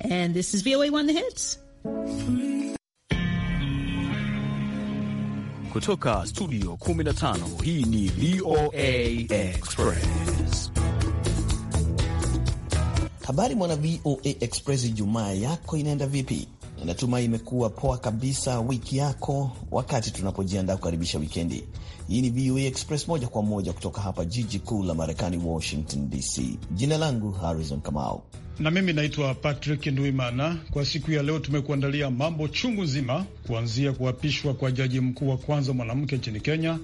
And this is VOA One The Hits. Kutoka studio 15 hii ni VOA Express. Habari mwana VOA Express, Ijumaa yako inaenda vipi? Natumai imekuwa poa kabisa wiki yako, wakati tunapojiandaa kukaribisha wikendi. Hii ni VOA Express moja kwa moja kutoka hapa jiji kuu la Marekani, Washington DC. Jina langu Harrison Kamau na mimi naitwa Patrick Nduimana. Kwa siku ya leo tumekuandalia mambo chungu nzima, kuanzia kuapishwa kwa jaji mkuu wa kwanza mwanamke nchini Kenya.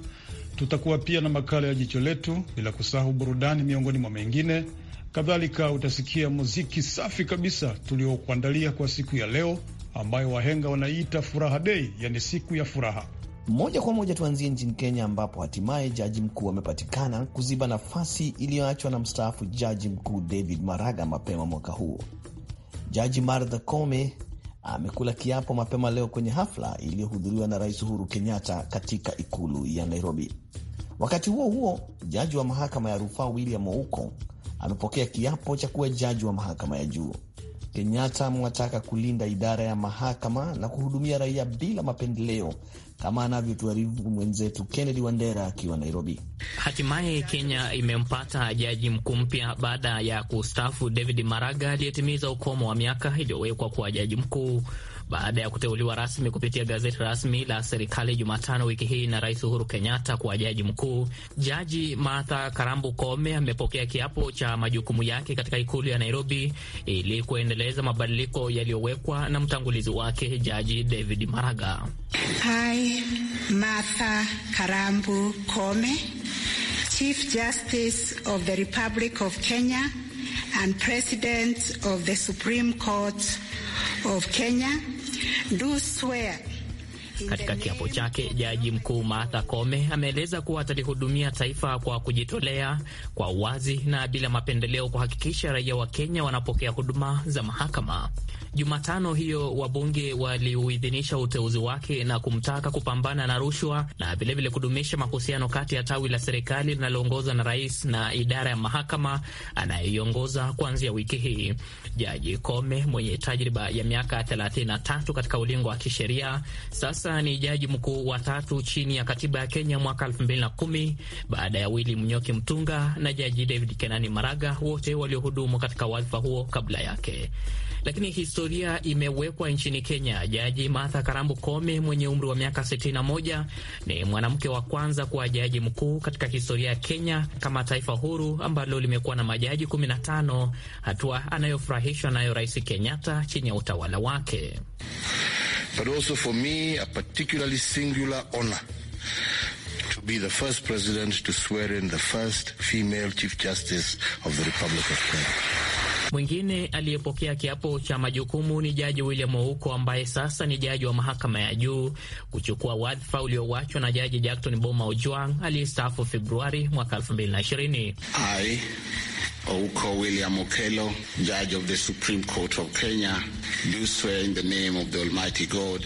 Tutakuwa pia na makala ya jicho letu, bila kusahau burudani, miongoni mwa mengine. Kadhalika utasikia muziki safi kabisa tuliokuandalia kwa siku ya leo ambayo wahenga wanaiita furaha dei, yani siku ya furaha. Moja kwa moja tuanzie nchini Kenya, ambapo hatimaye jaji mkuu amepatikana kuziba nafasi iliyoachwa na mstaafu jaji mkuu David Maraga mapema mwaka huo. Jaji Martha Koome amekula kiapo mapema leo kwenye hafla iliyohudhuriwa na Rais Uhuru Kenyatta katika ikulu ya Nairobi. Wakati huo huo, jaji wa mahakama ya rufaa William Ouko amepokea kiapo cha kuwa jaji wa mahakama ya juu. Kenyatta amewataka kulinda idara ya mahakama na kuhudumia raia bila mapendeleo kama anavyotuarifu mwenzetu Kennedy Wandera akiwa Nairobi. Hatimaye Kenya imempata jaji mkuu mpya baada ya kustafu David Maraga aliyetimiza ukomo wa miaka iliyowekwa kuwa jaji mkuu baada ya kuteuliwa rasmi kupitia gazeti rasmi la serikali Jumatano wiki hii na Rais Uhuru Kenyatta kuwa jaji mkuu. Jaji Martha Karambu kome amepokea kiapo cha majukumu yake katika ikulu ya Nairobi ili kuendeleza mabadiliko yaliyowekwa na mtangulizi wake Jaji David Maraga. Hi, Martha Karambu Chief Justice of the Republic of Kenya and President of the Supreme Court of Kenya do swear katika kiapo chake jaji mkuu Martha Koome ameeleza kuwa atalihudumia taifa kwa kujitolea, kwa uwazi na bila mapendeleo, kuhakikisha raia wa Kenya wanapokea huduma za mahakama. Jumatano hiyo wabunge waliuidhinisha uteuzi wake na kumtaka kupambana na rushwa na vilevile kudumisha mahusiano kati ya tawi la serikali linaloongozwa na rais na idara ya mahakama anayeiongoza kuanzia wiki hii. Jaji Kome mwenye tajriba ya miaka 33 katika ulingo wa kisheria sasa ni jaji mkuu wa tatu chini ya katiba ya Kenya mwaka 2010 baada ya Willy Mnyoki Mtunga na jaji David Kenani Maraga, wote waliohudumu katika wadhifa huo kabla yake. Lakini historia historia imewekwa nchini Kenya. Jaji Martha Karambu Kome mwenye umri wa miaka 61 ni mwanamke wa kwanza kuwa jaji mkuu katika historia ya Kenya kama taifa huru ambalo limekuwa na majaji 15, hatua anayofurahishwa nayo Rais Kenyatta chini ya utawala wake. But also for me, a particularly singular honor to be the first president to swear in the first female chief justice of the Republic of Kenya. Mwingine aliyepokea kiapo cha majukumu ni Jaji William Ouko ambaye sasa ni jaji wa mahakama ya juu kuchukua wadhifa uliowachwa na Jaji Jackton Boma Ojwang aliyestaafu Februari mwaka 2020. I, Ouko William Okello, Judge of the Supreme Court of Kenya, do swear in the name of the Almighty God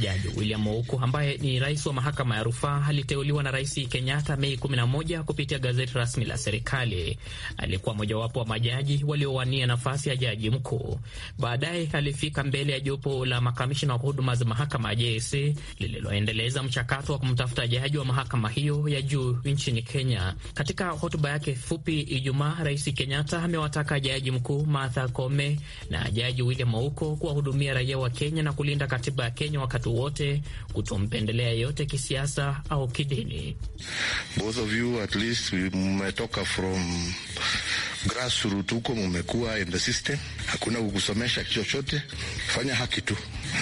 Jaji William Ouku ambaye ni rais wa mahakama ya rufaa aliteuliwa na Rais Kenyatta Mei 11 kupitia gazeti rasmi la serikali. Alikuwa mojawapo wa majaji waliowania nafasi ya jaji mkuu. Baadaye alifika mbele ya jopo la makamishina wa huduma za mahakama ya JSC lililoendeleza mchakato wa kumtafuta jaji wa mahakama hiyo ya juu nchini Kenya. Katika hotuba yake fupi Ijumaa, Rais Kenyatta amewataka jaji mkuu Martha Koome na jaji William Wauku kuwahudumia raia wa Kenya na kulinda katiba ya Kenya wakati watu wote, kutompendelea yote kisiasa au kidini. Both of you at least mmetoka from grassroots huko, in the system, hakuna kukusomesha chochote. Fanya haki tu,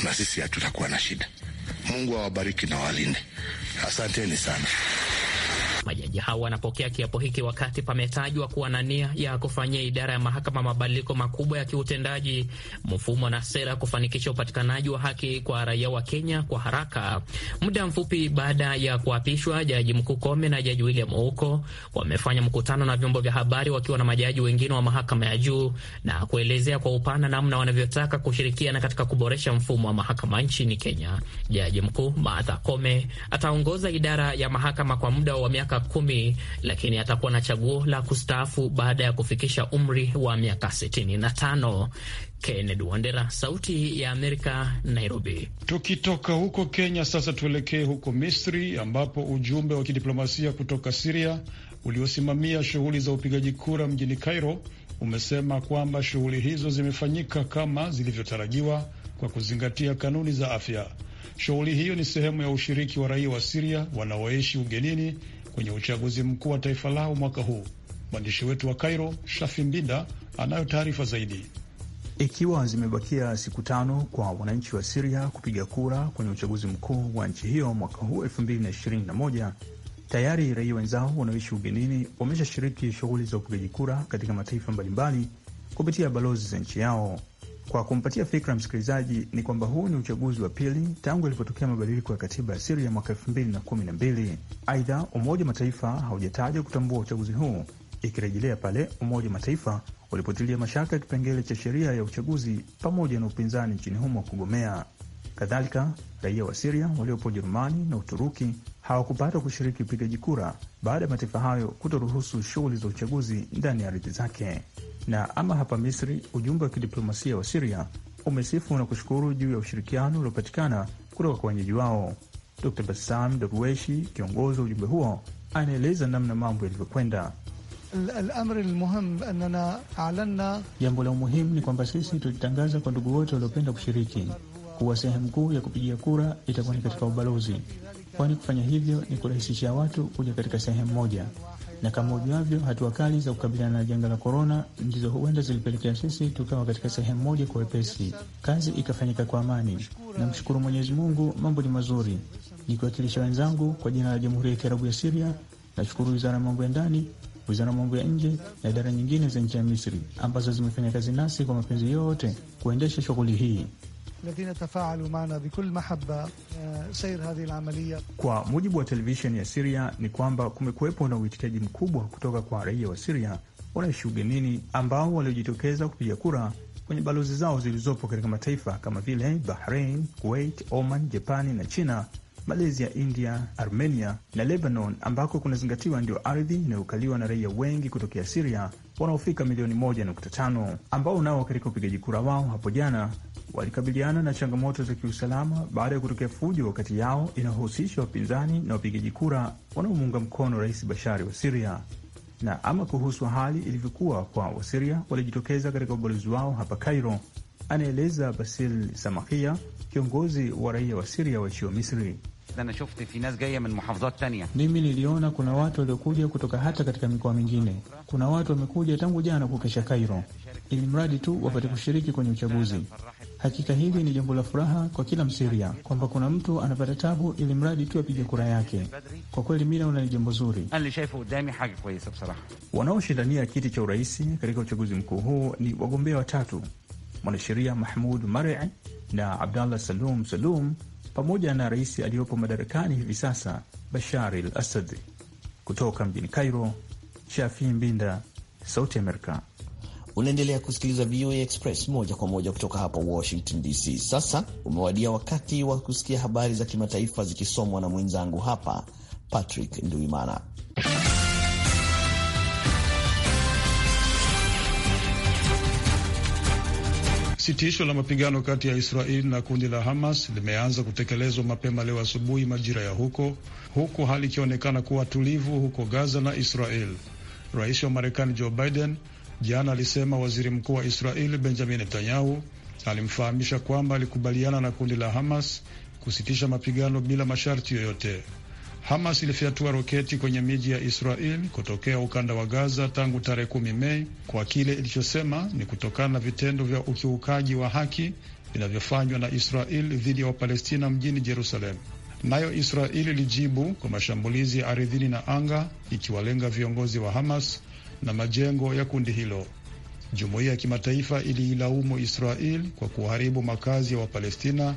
na sisi hatutakuwa na shida. Mungu awabariki na walinde. Asanteni sana. Majaji hao wanapokea kiapo hiki wakati pametajwa kuwa na nia ya kufanyia idara ya mahakama mabadiliko makubwa ya kiutendaji, mfumo na sera, kufanikisha upatikanaji wa haki kwa raia wa Kenya kwa haraka. Muda mfupi baada ya kuapishwa, Jaji Mkuu Kome na Jaji William Ouko wamefanya mkutano na vyombo vya habari wakiwa na majaji wengine wa mahakama ya juu na kuelezea kwa upana namna wanavyotaka kushirikiana katika kuboresha mfumo wa mahakama nchini Kenya. Jaji Mkuu Martha Kome ataongoza idara ya mahakama kwa muda wa miaka miaka kumi, lakini atakuwa na chaguo la kustaafu baada ya kufikisha umri wa miaka sitini na tano. Kennedy Wandera, Sauti ya Amerika, Nairobi. Tukitoka huko Kenya sasa tuelekee huko Misri ambapo ujumbe wa kidiplomasia kutoka Siria uliosimamia shughuli za upigaji kura mjini Cairo umesema kwamba shughuli hizo zimefanyika kama zilivyotarajiwa kwa kuzingatia kanuni za afya. Shughuli hiyo ni sehemu ya ushiriki wa raia wa Siria wanaoishi ugenini kwenye uchaguzi mkuu wa taifa lao mwaka huu. Mwandishi wetu wa Kairo, Shafi Mbinda, anayo taarifa zaidi. Ikiwa zimebakia siku tano kwa wananchi wa Siria kupiga kura kwenye uchaguzi mkuu wa nchi hiyo mwaka huu 2021 tayari raia wenzao wanaoishi ugenini wameshashiriki shughuli za upigaji kura katika mataifa mbalimbali kupitia balozi za nchi yao. Kwa kumpatia fikra msikilizaji, ni kwamba huu ni uchaguzi wa pili tangu ilipotokea mabadiliko ya katiba ya Siria mwaka elfu mbili na kumi na mbili. Aidha, Umoja wa Mataifa haujataja kutambua uchaguzi huu, ikirejelea pale Umoja wa Mataifa ulipotilia mashaka ya kipengele cha sheria ya uchaguzi pamoja na upinzani nchini humo kugomea. Kadhalika, raia wa Siria waliopo Ujerumani na Uturuki hawakupata kushiriki upigaji kura baada ya mataifa hayo kutoruhusu shughuli za uchaguzi ndani ya ardhi zake. Na ama hapa Misri, ujumbe wa kidiplomasia wa Siria umesifu na kushukuru juu ya ushirikiano uliopatikana kutoka kwa wenyeji wao. Dr Bassam Darweshi, kiongozi wa ujumbe huo, anaeleza namna mambo yalivyokwenda. Jambo la umuhimu ni kwamba sisi tulitangaza kwa ndugu wote waliopenda kushiriki kuwa sehemu kuu ya kupigia kura itakuwa ni katika ubalozi, kwani kufanya hivyo ni kurahisishia watu kuja katika sehemu moja na kama ujuavyo, hatua kali za kukabiliana na janga la korona ndizo huenda zilipelekea sisi tukawa katika sehemu moja kwa wepesi, kazi ikafanyika kwa amani. Namshukuru Mwenyezi Mungu, mambo ni mazuri. Nikiwakilisha wenzangu kwa jina la Jamhuri ya Kiarabu ya Siria, nashukuru Wizara ya Mambo ya Ndani, Wizara ya Mambo ya Nje na idara nyingine za nchi ya Misri ambazo zimefanya kazi nasi kwa mapenzi yote kuendesha shughuli hii. الذين تفاعلوا معنا بكل محبة سير هذه العملية. Kwa mujibu wa televisheni ya Siria ni kwamba kumekuwepo na uhitaji mkubwa kutoka kwa raia wa Siria wanaishi ugenini ambao waliojitokeza kupiga kura kwenye balozi zao zilizopo katika mataifa kama vile Bahrain, Kuwait, Oman, Japani na China, Malaysia, India, Armenia na Lebanon, ambako kunazingatiwa ndio ardhi inayokaliwa na raia wengi kutokea Siria wanaofika milioni 1.5 ambao nao katika upigaji kura wao hapo jana walikabiliana na changamoto za kiusalama baada ya kutokea fujo wakati yao inayohusisha wapinzani na wapigaji kura wanaomuunga mkono Rais Bashari wa Siria. Na ama kuhusu hali ilivyokuwa kwa Wasiria walijitokeza katika ubalozi wao hapa Cairo, anaeleza Basil Samahia, kiongozi wa raia wa Siria waishio Misri. Ana shofte fi nas gaya min muhafazat tania. Mimi niliona kuna watu waliokuja kutoka hata katika mikoa mingine. Kuna watu wamekuja tangu jana kukesha Kairo, ili mradi tu wapate kushiriki kwenye uchaguzi. Hakika hili ni jambo la furaha kwa kila Msiria kwamba kuna mtu anapata tabu ili mradi tu apige kura yake. Kwa kweli mi naona ni jambo zuri. Wanaoshindania kiti cha urais katika uchaguzi mkuu huu ni wagombea watatu, mwanasheria Mahmud Marei na Abdallah Salum Salum pamoja na rais aliyopo madarakani hivi sasa Bashar al Assad. Kutoka mjini Cairo, shafi Mbinda, Sauti Amerika. Unaendelea kusikiliza VOA Express moja kwa moja kutoka hapa Washington DC. Sasa umewadia wakati wa kusikia habari za kimataifa zikisomwa na mwenzangu hapa Patrick Nduimana. Sitisho la mapigano kati ya Israeli na kundi la Hamas limeanza kutekelezwa mapema leo asubuhi majira ya huko, huku hali ikionekana kuwa tulivu huko Gaza na Israel. Rais wa Marekani Joe Biden jana alisema waziri mkuu wa Israeli Benjamin Netanyahu alimfahamisha kwamba alikubaliana na kundi la Hamas kusitisha mapigano bila masharti yoyote. Hamas ilifyatua roketi kwenye miji ya Israel kutokea ukanda wa Gaza tangu tarehe kumi Mei kwa kile ilichosema ni kutokana na vitendo vya ukiukaji wa haki vinavyofanywa na Israel dhidi ya Wapalestina mjini Jerusalem. Nayo Israel ilijibu kwa mashambulizi ya ardhini na anga, ikiwalenga viongozi wa Hamas na majengo ya kundi hilo. Jumuiya ya kimataifa iliilaumu Israel kwa kuharibu makazi ya Wapalestina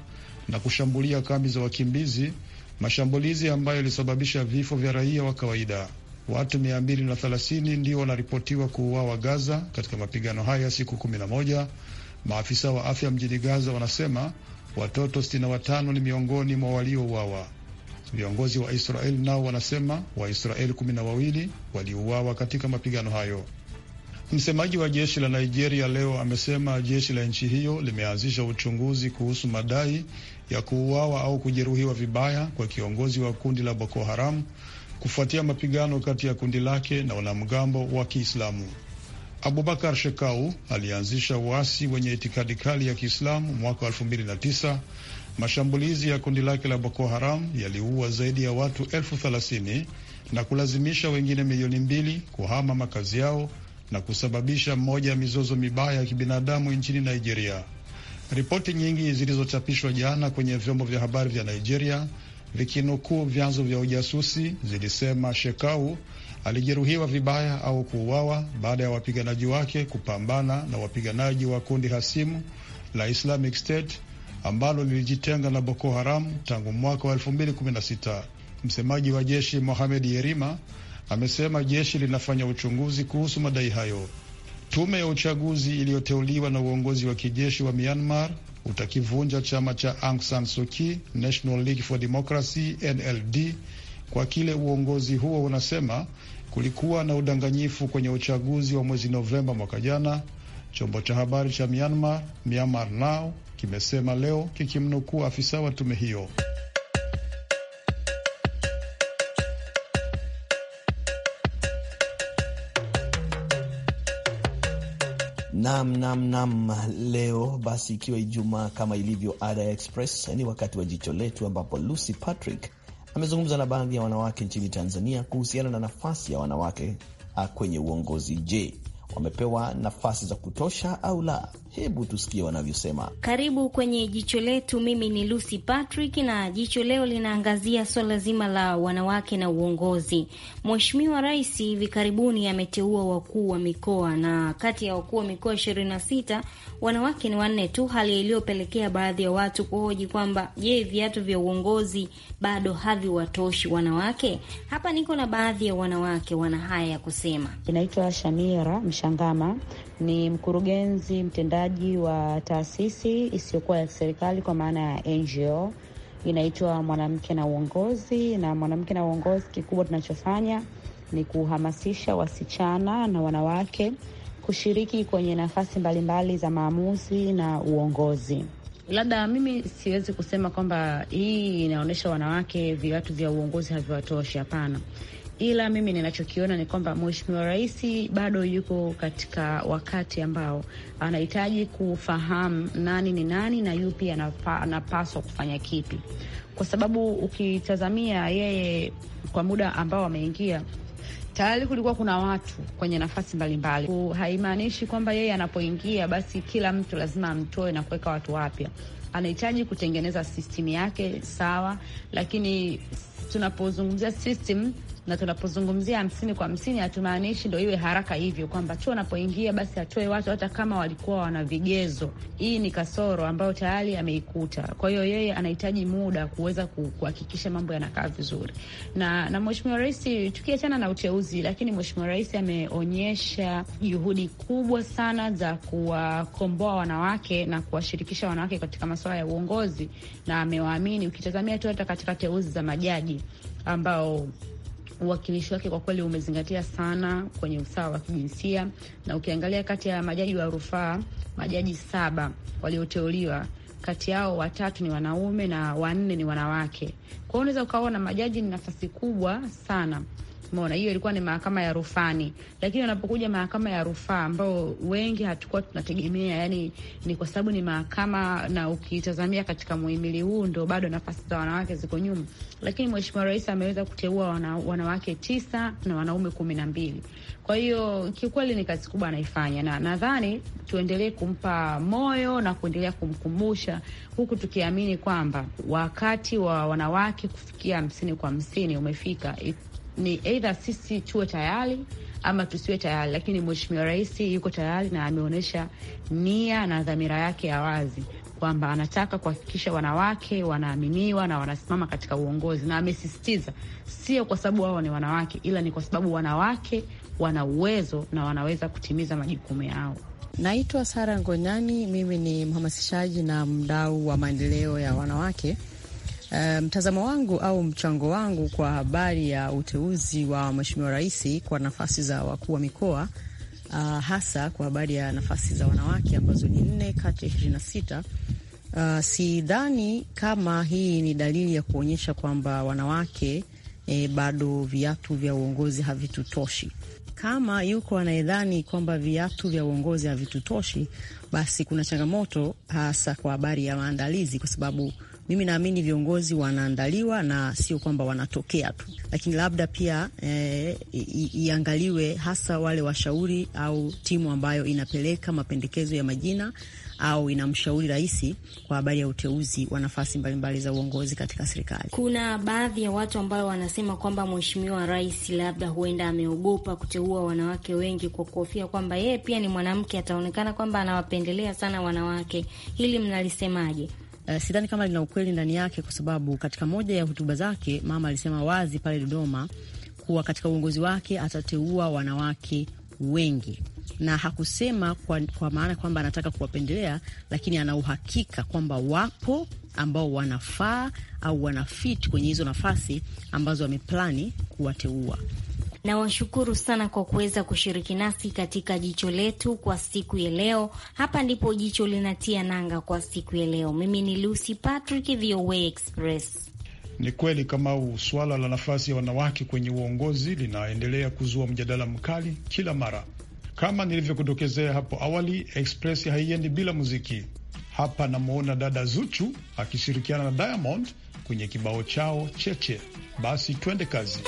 na kushambulia kambi za wakimbizi mashambulizi ambayo yalisababisha vifo vya raia wa kawaida. Watu 230 ndio wanaripotiwa kuuawa Gaza katika mapigano haya ya siku 11. Maafisa wa afya mjini Gaza wanasema watoto 65 ni miongoni mwa waliouawa. Viongozi wa Israeli nao wanasema Waisraeli kumi na wawili waliuawa katika mapigano hayo. Msemaji wa jeshi la Nigeria leo amesema jeshi la nchi hiyo limeanzisha uchunguzi kuhusu madai ya kuuawa au kujeruhiwa vibaya kwa kiongozi wa kundi la Boko Haram kufuatia mapigano kati ya kundi lake na wanamgambo wa Kiislamu. Abubakar Shekau alianzisha uasi wenye itikadi kali ya Kiislamu mwaka 2009. Mashambulizi ya kundi lake la Boko Haram yaliua zaidi ya watu elfu thelathini na kulazimisha wengine milioni mbili kuhama makazi yao na kusababisha moja ya mizozo mibaya ya kibinadamu nchini Nigeria. Ripoti nyingi zilizochapishwa jana kwenye vyombo vya habari vya Nigeria vikinukuu vyanzo vya ujasusi zilisema Shekau alijeruhiwa vibaya au kuuawa baada ya wapiganaji wake kupambana na wapiganaji wa kundi hasimu la Islamic State ambalo lilijitenga na Boko Haram tangu mwaka wa 2016. Msemaji wa jeshi Mohamed Yerima amesema jeshi linafanya uchunguzi kuhusu madai hayo. Tume ya uchaguzi iliyoteuliwa na uongozi wa kijeshi wa Myanmar utakivunja chama cha Aung San Suu Kyi National League for Democracy NLD kwa kile uongozi huo unasema kulikuwa na udanganyifu kwenye uchaguzi wa mwezi Novemba mwaka jana. Chombo cha habari cha Myanmar Myanmar Now kimesema leo kikimnukuu afisa wa tume hiyo. Nam, nam, nam. Leo basi, ikiwa Ijumaa kama ilivyo ada ya Express, ni wakati wa jicho letu, ambapo Lucy Patrick amezungumza na baadhi ya wanawake nchini Tanzania kuhusiana na nafasi ya wanawake ah, kwenye uongozi. Je, wamepewa nafasi za kutosha au la? Hebu tusikie wanavyosema. Karibu kwenye jicho letu. Mimi ni Lucy Patrick na jicho leo linaangazia swala zima la wanawake na uongozi. Mheshimiwa Rais hivi karibuni ameteua wakuu wa mikoa, na kati ya wakuu wa mikoa ishirini na sita wanawake ni wanne tu, hali iliyopelekea baadhi ya watu kuhoji kwamba je, viatu vya uongozi bado haviwatoshi wanawake? Hapa niko na baadhi ya wanawake, wana haya ya kusema. Inaitwa Shamira Mshangama ni mkurugenzi mtendaji wa taasisi isiyokuwa ya serikali kwa maana ya NGO inaitwa Mwanamke na Uongozi. Na Mwanamke na Uongozi, kikubwa tunachofanya ni kuhamasisha wasichana na wanawake kushiriki kwenye nafasi mbalimbali za maamuzi na uongozi. Labda mimi siwezi kusema kwamba hii inaonyesha wanawake viatu vya uongozi haviwatoshi. Hapana, ila mimi ninachokiona ni kwamba mheshimiwa rais bado yuko katika wakati ambao anahitaji kufahamu nani ni nani na yupi anapaswa kufanya kipi, kwa sababu ukitazamia yeye kwa muda ambao ameingia tayari kulikuwa kuna watu kwenye nafasi mbalimbali. Haimaanishi kwamba yeye anapoingia basi kila mtu lazima amtoe na kuweka watu wapya. Anahitaji kutengeneza system yake sawa, lakini tunapozungumzia system na tunapozungumzia hamsini kwa hamsini hatumaanishi ndo iwe haraka hivyo kwamba tu wanapoingia basi atoe watu hata kama walikuwa wana vigezo. Hii ni kasoro ambayo tayari ameikuta, kwa hiyo yeye anahitaji muda kuweza kuhakikisha mambo yanakaa vizuri. Na, na Mheshimiwa Rais, tukiachana na uteuzi, lakini Mheshimiwa Rais ameonyesha juhudi kubwa sana za kuwakomboa wanawake na kuwashirikisha wanawake katika masuala ya uongozi na amewaamini, ukitazamia tu hata katika teuzi za majaji ambao uwakilishi wake kwa kweli umezingatia sana kwenye usawa wa kijinsia, na ukiangalia kati ya majaji wa rufaa, majaji saba walioteuliwa kati yao watatu ni wanaume na wanne ni wanawake. Kwa hiyo unaweza ukaona majaji ni nafasi kubwa sana umeona hiyo ilikuwa ni mahakama ya rufani, lakini wanapokuja mahakama ya rufaa ambao wengi hatukuwa tunategemea, yani ni kwa sababu ni mahakama, na ukitazamia katika muhimili huu ndo bado nafasi za wanawake ziko nyuma, lakini mheshimiwa rais ameweza kuteua wana, wanawake tisa na wanaume kumi na mbili. Kwa hiyo kiukweli ni kazi kubwa anaifanya, na nadhani tuendelee kumpa moyo na kuendelea kumkumbusha, huku tukiamini kwamba wakati wa wanawake kufikia hamsini kwa hamsini umefika ni eidha sisi tuwe tayari ama tusiwe tayari, lakini Mheshimiwa Rais yuko tayari na ameonyesha nia na dhamira yake ya wazi kwamba anataka kuhakikisha wanawake wanaaminiwa na wanasimama katika uongozi, na amesisitiza sio kwa sababu wao ni wanawake, ila ni kwa sababu wanawake wana uwezo na wanaweza kutimiza majukumu yao. Naitwa Sara Ngonyani, mimi ni mhamasishaji na mdau wa maendeleo ya wanawake Eh, mtazamo um, wangu au mchango wangu kwa habari ya uteuzi wa Mheshimiwa Rais kwa nafasi za wakuu wa mikoa uh, hasa kwa habari ya nafasi za wanawake ambazo ni nne kati ya ishirini na sita. Uh, sidhani kama hii ni dalili ya kuonyesha kwamba wanawake eh, bado viatu vya uongozi havitutoshi. Kama yuko anayedhani kwamba viatu vya uongozi havitutoshi, basi kuna changamoto hasa kwa habari ya maandalizi, kwa sababu mimi naamini viongozi wanaandaliwa na sio kwamba wanatokea tu, lakini labda pia e, iangaliwe hasa wale washauri au timu ambayo inapeleka mapendekezo ya majina au inamshauri rais kwa habari ya uteuzi wa nafasi mbalimbali za uongozi katika serikali. Kuna baadhi ya watu ambao wanasema kwamba mheshimiwa rais labda huenda ameogopa kuteua wanawake wengi kwa kuhofia kwamba yeye pia ni mwanamke, ataonekana kwamba anawapendelea sana wanawake. Hili mnalisemaje? Uh, sidhani kama lina ukweli ndani yake, kwa sababu katika moja ya hotuba zake mama alisema wazi pale Dodoma kuwa katika uongozi wake atateua wanawake wengi na hakusema kwa, kwa maana kwamba anataka kuwapendelea, lakini ana uhakika kwamba wapo ambao wanafaa au wanafit kwenye hizo nafasi ambazo wameplani kuwateua. Nawashukuru sana kwa kuweza kushiriki nasi katika jicho letu kwa siku ya leo. Hapa ndipo jicho linatia nanga kwa siku ya leo. Mimi ni Lucy Patrick, VOA Express. Ni kweli kama suala la nafasi ya wanawake kwenye uongozi linaendelea kuzua mjadala mkali kila mara. Kama nilivyokutokezea hapo awali, Express haiendi bila muziki. Hapa namwona dada Zuchu akishirikiana na Diamond kwenye kibao chao Cheche. Basi twende kazi.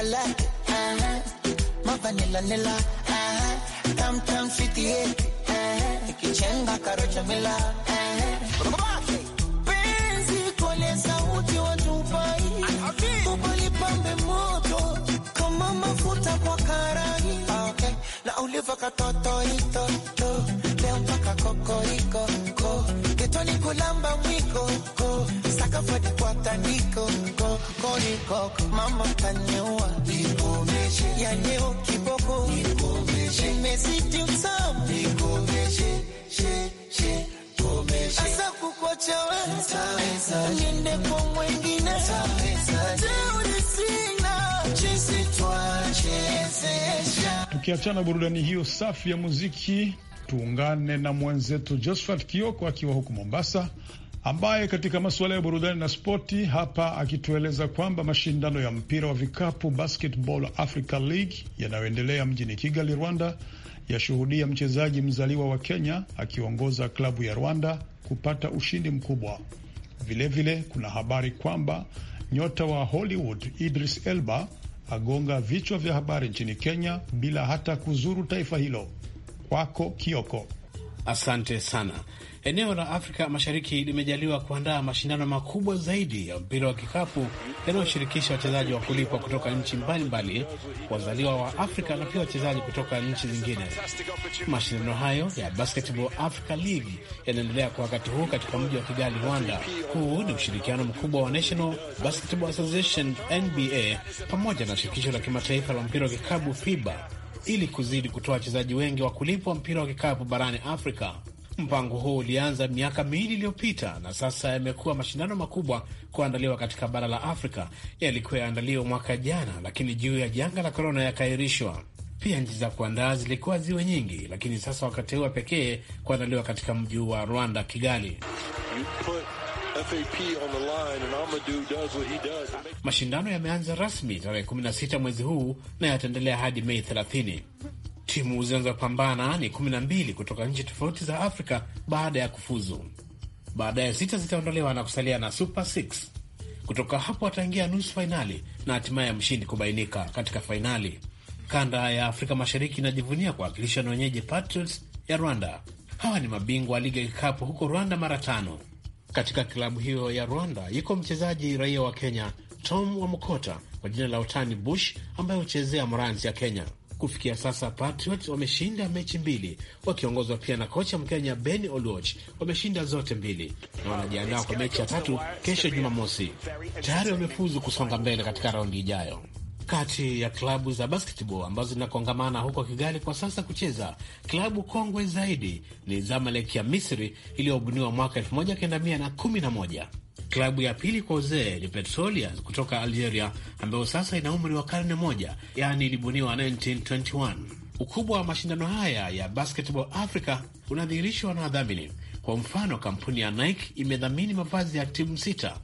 chocolate ma vanilla nilla tam tam fiti ikichenga karo chamila penzi kole sauti wa Dubai kubali pambe moto kama mafuta kwa karai okay. na uliva katoto itoto leo mpaka kokoriko ko kitoni kulamba mwiko ko sakafadi kwa tandiko mama ya kiboko asa niende kwa Tukiachana burudani hiyo safi ya muziki, tuungane na mwenzetu Josephat Kioko akiwa huku Mombasa ambaye katika masuala ya burudani na spoti hapa akitueleza kwamba mashindano ya mpira wa vikapu Basketball Africa League yanayoendelea mjini Kigali, Rwanda, yashuhudia mchezaji mzaliwa wa Kenya akiongoza klabu ya Rwanda kupata ushindi mkubwa. Vilevile vile, kuna habari kwamba nyota wa Hollywood Idris Elba agonga vichwa vya habari nchini Kenya bila hata kuzuru taifa hilo. Kwako Kioko. Asante sana. Eneo la Afrika Mashariki limejaliwa kuandaa mashindano makubwa zaidi ya mpira wa kikapu yanayoshirikisha wachezaji wa kulipwa kutoka nchi mbalimbali, wazaliwa wa Afrika na pia wachezaji kutoka nchi zingine. Mashindano hayo ya Basketball Africa League yanaendelea kwa wakati huu katika mji wa Kigali, Rwanda. Huu ni ushirikiano mkubwa wa National Basketball Association NBA pamoja na shirikisho la kimataifa la mpira wa kikapu FIBA ili kuzidi kutoa wachezaji wengi wa kulipwa mpira wa kikapu barani Afrika. Mpango huo ulianza miaka miwili iliyopita na sasa yamekuwa mashindano makubwa kuandaliwa katika bara la Afrika. Yalikuwa yaandaliwa mwaka jana, lakini juu ya janga la korona yakaahirishwa. Pia nchi za kuandaa zilikuwa ziwe nyingi, lakini sasa wakateua pekee kuandaliwa katika mji wa Rwanda, Kigali. Mashindano yameanza rasmi tarehe 16 mwezi huu na yataendelea hadi Mei 30. Timu zinazopambana ni 12 kutoka nchi tofauti za Afrika baada ya kufuzu. Baadaye sita zitaondolewa na kusalia na Super Six. Kutoka hapo wataingia nusu fainali na hatimaye mshindi kubainika katika fainali. Kanda ya Afrika Mashariki inajivunia kuwakilishwa na wenyeji Patriots ya Rwanda. Hawa ni mabingwa wa liga ya kikapu huko Rwanda mara tano. Katika klabu hiyo ya Rwanda yuko mchezaji raia wa Kenya Tom Wamukota kwa jina la utani Bush ambaye huchezea Morans ya Kenya. Kufikia sasa patriot wameshinda mechi mbili wakiongozwa pia na kocha Mkenya Ben Oluoch, wameshinda zote mbili na wanajiandaa kwa mechi ya tatu kesho Jumamosi. Tayari wamefuzu kusonga mbele katika raundi ijayo. Kati ya klabu za basketball ambazo zinakongamana huko Kigali kwa sasa kucheza, klabu kongwe zaidi ni Zamalek ya Misri iliyobuniwa mwaka 1911 Klabu ya pili kwa uzee ni petrolia kutoka Algeria, ambayo sasa ina umri wa karne moja, yaani ilibuniwa 1921. Ukubwa wa mashindano haya ya Basketball Africa unadhihirishwa na wadhamini. Kwa mfano, kampuni ya Nike imedhamini mavazi ya timu sita,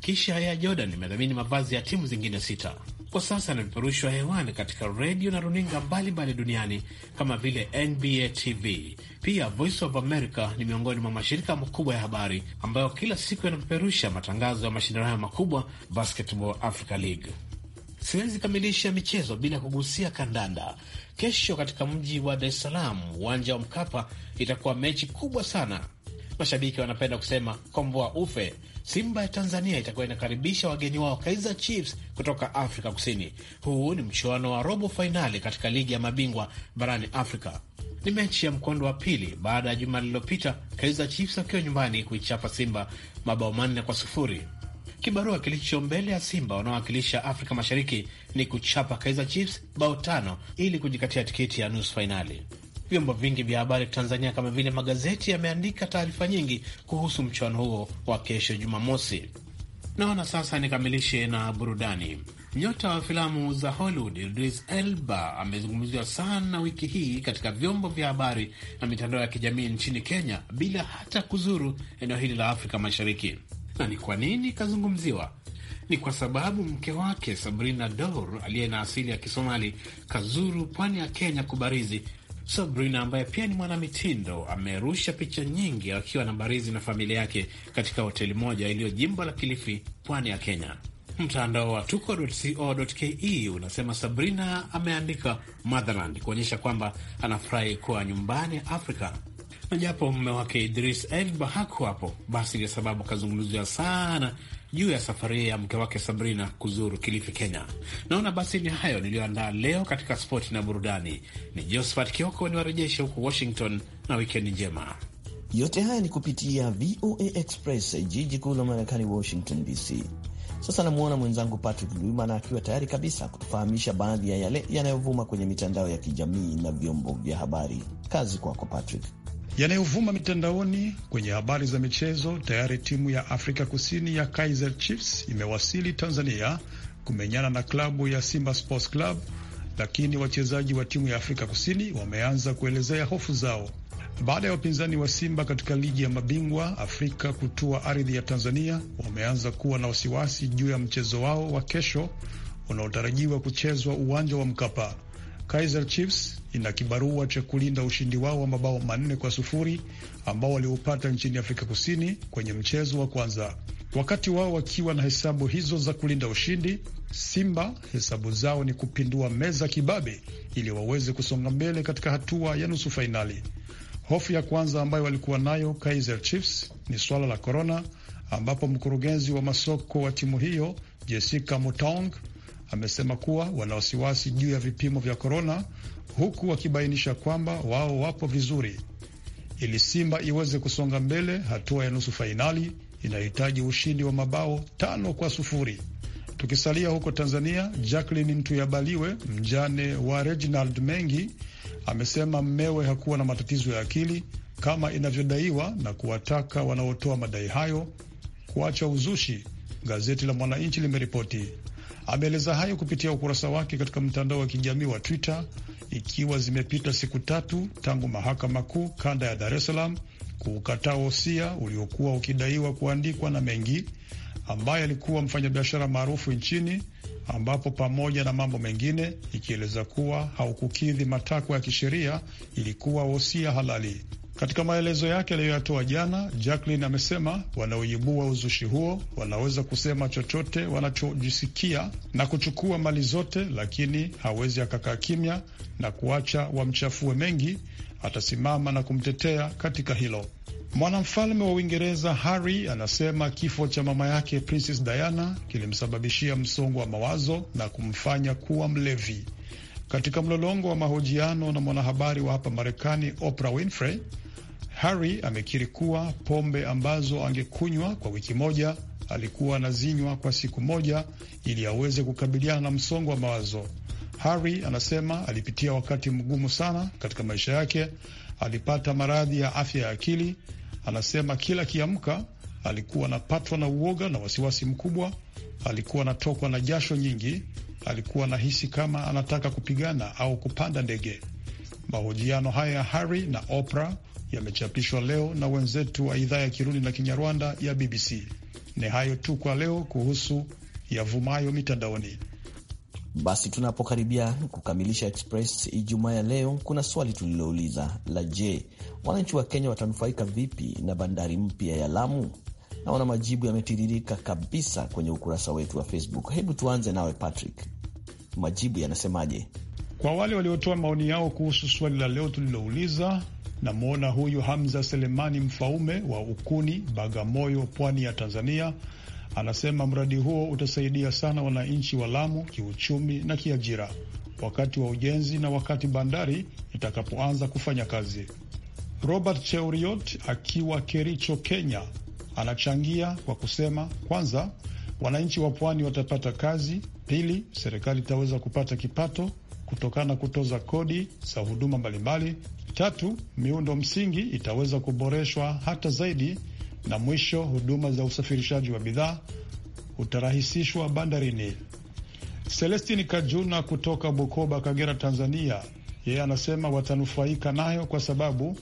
kisha ya Jordan imedhamini mavazi ya timu zingine sita. Kwa sasa anapeperushwa hewani katika redio na runinga mbalimbali duniani kama vile NBA TV. Pia Voice of America ni miongoni mwa mashirika makubwa ya habari ambayo kila siku yanapeperusha matangazo ya mashindano hayo makubwa, Basketball Africa League. Siwezi kamilisha michezo bila kugusia kandanda. Kesho katika mji wa Dar es Salaam, uwanja wa Mkapa, itakuwa mechi kubwa sana Mashabiki wanapenda kusema komboa ufe. Simba ya Tanzania itakuwa inakaribisha wageni wao Kaizer Chiefs kutoka Afrika Kusini. Huu ni mchuano wa robo fainali katika ligi ya mabingwa barani Afrika. Ni mechi ya mkondo wa pili baada ya juma lililopita, Kaizer Chiefs wakiwa nyumbani kuichapa Simba mabao manne kwa sufuri. Kibarua kilicho mbele ya Simba wanaowakilisha Afrika Mashariki ni kuchapa Kaizer Chiefs bao tano ili kujikatia tiketi ya nusu fainali. Vyombo vingi vya habari Tanzania kama vile magazeti yameandika taarifa nyingi kuhusu mchuano huo wa kesho Jumamosi. Naona sasa nikamilishe na burudani. Nyota wa filamu za Hollywood Idris Elba amezungumziwa sana wiki hii katika vyombo vya habari na mitandao ya kijamii nchini Kenya bila hata kuzuru eneo hili la Afrika Mashariki. Na ni kwa nini kazungumziwa? Ni kwa sababu mke wake Sabrina Dor aliye na asili ya Kisomali kazuru pwani ya Kenya kubarizi Sabrina ambaye pia ni mwanamitindo amerusha picha nyingi akiwa na barizi na familia yake katika hoteli moja iliyo jimbo la Kilifi, pwani ya Kenya. Mtandao wa tuko.co.ke unasema Sabrina ameandika motherland kuonyesha kwamba anafurahi kuwa nyumbani Afrika, na japo mume wake Idris Elba haku hapo, basi ndio sababu akazungumziwa sana juu ya safari ya mke wake Sabrina kuzuru Kilifi, Kenya. Naona basi ni hayo niliyoandaa leo katika spoti na burudani. Ni Josephat Kioko niwarejeshe huko Washington na wikendi njema. Yote haya ni kupitia VOA Express, jiji kuu la Marekani, Washington DC. Sasa namwona mwenzangu Patrick Luimana akiwa tayari kabisa kutufahamisha baadhi ya yale yanayovuma kwenye mitandao ya kijamii na vyombo vya habari. Kazi kwako, Patrick yanayovuma mitandaoni. Kwenye habari za michezo, tayari timu ya Afrika Kusini ya Kaizer Chiefs imewasili Tanzania kumenyana na klabu ya Simba Sports Club, lakini wachezaji wa timu ya Afrika Kusini wameanza kuelezea hofu zao baada ya wapinzani wa Simba katika ligi ya mabingwa Afrika kutua ardhi ya Tanzania. Wameanza kuwa na wasiwasi juu ya mchezo wao wa kesho unaotarajiwa kuchezwa uwanja wa Mkapa. Kaiser Chiefs ina kibarua cha kulinda ushindi wao wa mabao manne kwa sufuri ambao waliupata nchini Afrika Kusini kwenye mchezo wa kwanza. Wakati wao wakiwa na hesabu hizo za kulinda ushindi, Simba hesabu zao ni kupindua meza kibabe ili waweze kusonga mbele katika hatua ya nusu fainali. Hofu ya kwanza ambayo walikuwa nayo Kaiser Chiefs ni swala la korona, ambapo mkurugenzi wa masoko wa timu hiyo Jessica Mutong amesema kuwa wana wasiwasi juu ya vipimo vya korona, huku wakibainisha kwamba wao wapo vizuri. Ili Simba iweze kusonga mbele hatua ya nusu fainali inahitaji ushindi wa mabao tano kwa sufuri. Tukisalia huko Tanzania, Jacqueline Ntuyabaliwe, mjane wa Reginald Mengi, amesema mmewe hakuwa na matatizo ya akili kama inavyodaiwa na kuwataka wanaotoa madai hayo kuacha uzushi. Gazeti la Mwananchi limeripoti. Ameeleza hayo kupitia ukurasa wake katika mtandao wa kijamii wa Twitter, ikiwa zimepita siku tatu tangu mahakama kuu kanda ya Dar es Salaam kuukataa wosia uliokuwa ukidaiwa kuandikwa na Mengi ambaye alikuwa mfanyabiashara maarufu nchini, ambapo pamoja na mambo mengine, ikieleza kuwa haukukidhi matakwa ya kisheria, ilikuwa wosia halali. Katika maelezo yake aliyoyatoa jana, Jacqueline amesema wanaoibua uzushi huo wanaweza kusema chochote wanachojisikia na kuchukua mali zote, lakini hawezi akakaa kimya na kuacha wamchafue mengi. Atasimama na kumtetea katika hilo. Mwanamfalme wa Uingereza Harry anasema kifo cha mama yake Princess Diana kilimsababishia msongo wa mawazo na kumfanya kuwa mlevi. Katika mlolongo wa mahojiano na mwanahabari wa hapa Marekani Oprah Winfrey Harry amekiri kuwa pombe ambazo angekunywa kwa wiki moja alikuwa anazinywa kwa siku moja ili aweze kukabiliana na msongo wa mawazo. Harry anasema alipitia wakati mgumu sana katika maisha yake, alipata maradhi ya afya ya akili. Anasema kila kiamka alikuwa anapatwa na uoga na wasiwasi mkubwa, alikuwa anatokwa na jasho nyingi, alikuwa anahisi kama anataka kupigana au kupanda ndege. Mahojiano haya ya Harry na Oprah yamechapishwa leo na wenzetu wa idhaa ya Kirundi na Kinyarwanda ya BBC. Ni hayo tu kwa leo kuhusu yavumayo mitandaoni. Basi tunapokaribia kukamilisha Express Ijumaa ya leo, kuna swali tulilouliza la je, wananchi wa Kenya watanufaika vipi na bandari mpya ya Lamu? Naona majibu yametiririka kabisa kwenye ukurasa wetu wa Facebook. Hebu tuanze nawe Patrick, majibu yanasemaje? Kwa wale waliotoa maoni yao kuhusu swali la leo tulilouliza, namwona huyu Hamza Selemani Mfaume wa Ukuni, Bagamoyo, pwani ya Tanzania, anasema mradi huo utasaidia sana wananchi wa Lamu kiuchumi na kiajira wakati wa ujenzi na wakati bandari itakapoanza kufanya kazi. Robert Cheuriot akiwa Kericho, Kenya, anachangia kwa kusema, kwanza wananchi wa pwani watapata kazi. Pili, serikali itaweza kupata kipato kutokana na kutoza kodi za huduma mbalimbali. Tatu, miundo msingi itaweza kuboreshwa hata zaidi, na mwisho, huduma za usafirishaji wa bidhaa utarahisishwa bandarini. Celestini Kajuna kutoka Bukoba, Kagera, Tanzania, yeye anasema watanufaika nayo kwa sababu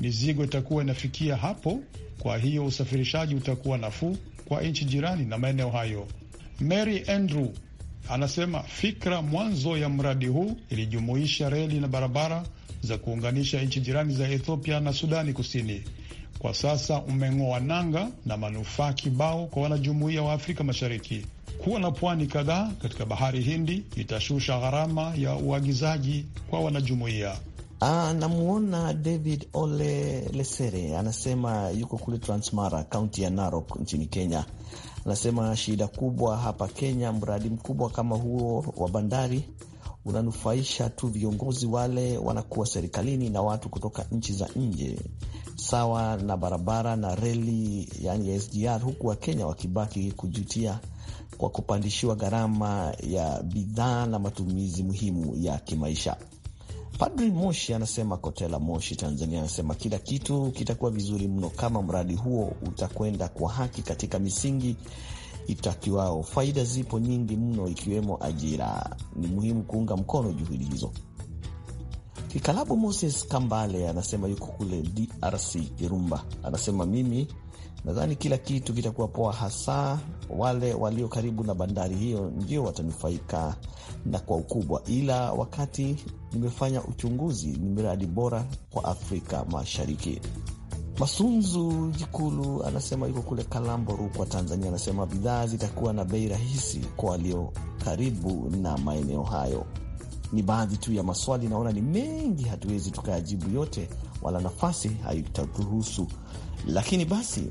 mizigo itakuwa inafikia hapo, kwa hiyo usafirishaji utakuwa nafuu kwa nchi jirani na maeneo hayo. Mary Andrew anasema fikra mwanzo ya mradi huu ilijumuisha reli na barabara za kuunganisha nchi jirani za Ethiopia na Sudani Kusini. Kwa sasa umeng'oa nanga na manufaa kibao kwa wanajumuiya wa Afrika Mashariki. Kuwa na pwani kadhaa katika bahari Hindi itashusha gharama ya uagizaji kwa wanajumuiya. Ah, namwona David Ole Lesere anasema yuko kule Transmara, kaunti ya Narok nchini Kenya. Anasema shida kubwa hapa Kenya, mradi mkubwa kama huo wa bandari unanufaisha tu viongozi wale wanakuwa serikalini na watu kutoka nchi za nje, sawa na barabara na reli, yani SGR, huku Wakenya wakibaki kujutia kwa kupandishiwa gharama ya bidhaa na matumizi muhimu ya kimaisha. Padri Moshi anasema Kotela Moshi, Tanzania, anasema kila kitu kitakuwa vizuri mno kama mradi huo utakwenda kwa haki katika misingi itakiwao. Faida zipo nyingi mno, ikiwemo ajira. Ni muhimu kuunga mkono juhudi hizo. Kikalabu Moses Kambale anasema yuko kule DRC Kirumba, anasema mimi nadhani kila kitu kitakuwa poa, hasa wale walio karibu na bandari hiyo ndio watanufaika na kwa ukubwa, ila wakati nimefanya uchunguzi ni miradi bora kwa Afrika Mashariki. Masunzu Jikulu anasema yuko kule Kalambo, Rukwa, Tanzania. Anasema bidhaa zitakuwa na bei rahisi kwa walio karibu na maeneo hayo. Ni baadhi tu ya maswali, naona ni mengi, hatuwezi tukayajibu yote, wala nafasi haitaturuhusu. Lakini basi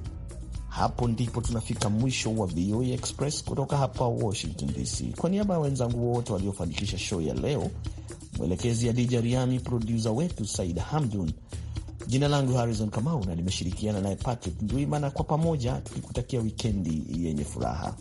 hapo ndipo tunafika mwisho wa VOA e Express kutoka hapa Washington DC. Kwa niaba ya wenzangu wote waliofanikisha show ya leo, mwelekezi Adija Riami, produsa wetu Said Hamdun. Jina langu Harrison Kamau na nimeshirikiana naye Patrick Ndwimana, kwa pamoja tukikutakia wikendi yenye furaha.